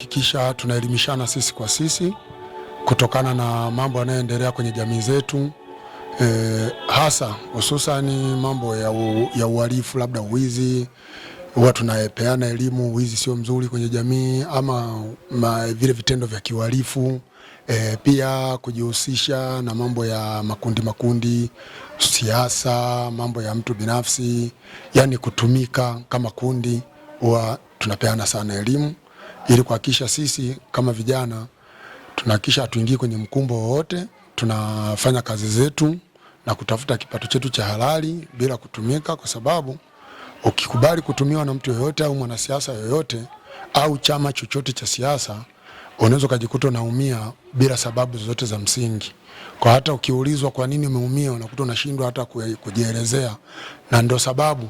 Hakikisha tunaelimishana sisi kwa sisi kutokana na mambo yanayoendelea kwenye jamii zetu e, hasa hususani mambo ya, u, ya uhalifu labda uwizi, huwa tunapeana elimu, wizi sio mzuri kwenye jamii ama ma, vile vitendo vya kiuhalifu e, pia kujihusisha na mambo ya makundi makundi, siasa, mambo ya mtu binafsi, yani kutumika kama kundi, huwa tunapeana sana elimu ili kuhakikisha sisi kama vijana tunahakikisha hatuingii kwenye mkumbo wowote, tunafanya kazi zetu na kutafuta kipato chetu cha halali bila kutumika, kwa sababu ukikubali kutumiwa na mtu yoyote au mwanasiasa yoyote au chama chochote cha siasa unaweza ukajikuta unaumia bila sababu zozote za msingi. Kwa hata ukiulizwa kwa nini umeumia, unakuta unashindwa hata kujielezea, na ndio sababu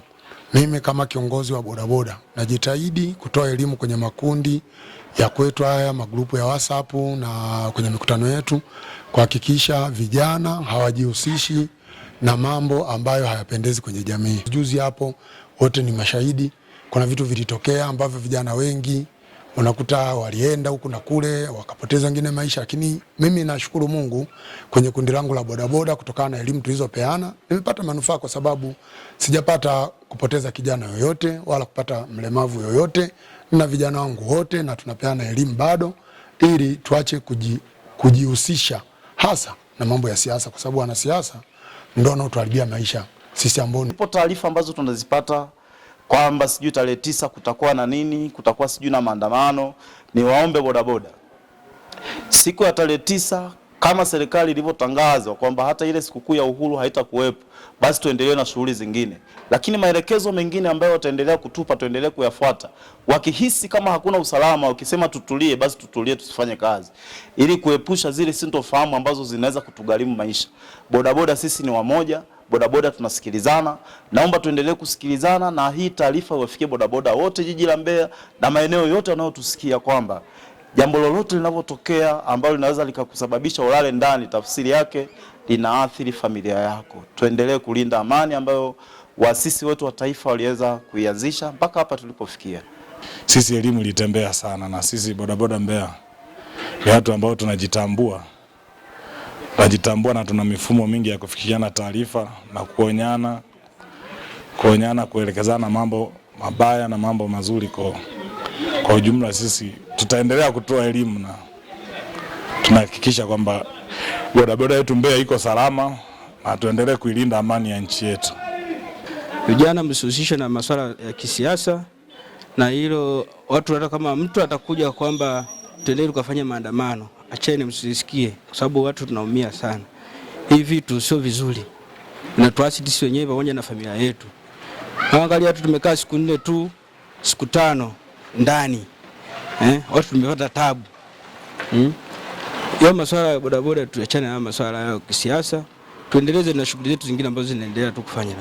mimi kama kiongozi wa bodaboda najitahidi kutoa elimu kwenye makundi ya kwetu haya magrupu ya WhatsApp na kwenye mikutano yetu kuhakikisha vijana hawajihusishi na mambo ambayo hayapendezi kwenye jamii. Juzi hapo wote ni mashahidi, kuna vitu vilitokea ambavyo vijana wengi unakuta walienda huku na kule wakapoteza wengine maisha, lakini mimi nashukuru Mungu kwenye kundi langu la bodaboda, kutokana na elimu tulizopeana nimepata manufaa, kwa sababu sijapata kupoteza kijana yoyote wala kupata mlemavu yoyote, na vijana wangu wote, na tunapeana elimu bado, ili tuache kujihusisha hasa na mambo ya siasa, kwa sababu wanasiasa ndio wanaotuharibia maisha sisi ambao. Ipo taarifa ambazo tunazipata kwamba sijui tarehe tisa kutakuwa na nini, kutakuwa sijui na maandamano. Niwaombe bodaboda, siku ya tarehe tisa kama serikali ilivyotangazwa kwamba hata ile sikukuu ya uhuru haitakuwepo, basi tuendelee na shughuli zingine, lakini maelekezo mengine ambayo wataendelea kutupa tuendelee kuyafuata. Wakihisi kama hakuna usalama, wakisema tutulie, basi tutulie, tusifanye kazi, ili kuepusha zile sintofahamu ambazo zinaweza kutugharimu maisha. Bodaboda sisi ni wamoja bodaboda tunasikilizana, naomba tuendelee kusikilizana na hii taarifa iwafikie bodaboda wote jiji la Mbeya na maeneo yote wanayotusikia kwamba jambo lolote linavyotokea ambalo linaweza likakusababisha ulale ndani, tafsiri yake linaathiri familia yako. Tuendelee kulinda amani ambayo waasisi wetu wa taifa waliweza kuianzisha mpaka hapa tulipofikia. Sisi elimu ilitembea sana, na sisi bodaboda Mbeya ni watu ambao tunajitambua tunajitambua na tuna mifumo mingi ya kufikiana taarifa na kuonyana kuonyana kuelekezana mambo mabaya na mambo mazuri. Kwa kwa ujumla, sisi tutaendelea kutoa elimu na tunahakikisha kwamba bodaboda yetu Mbeya iko salama na tuendelee kuilinda amani ya nchi yetu. Vijana msihusishe na masuala ya kisiasa, na hilo watu hata kama mtu atakuja kwamba tuendelee tukafanya maandamano acheni, msisikie, kwa sababu watu tunaumia sana. Hivi vitu sio vizuri, natuasidi sisi wenyewe pamoja na familia yetu. Angalia tu, tumekaa siku nne tu siku tano ndani eh, watu tumepata tabu hmm? Yo masuala ya bodaboda tuachane na masuala ya kisiasa, tuendeleze na shughuli zetu zingine ambazo zinaendelea tu kufanya.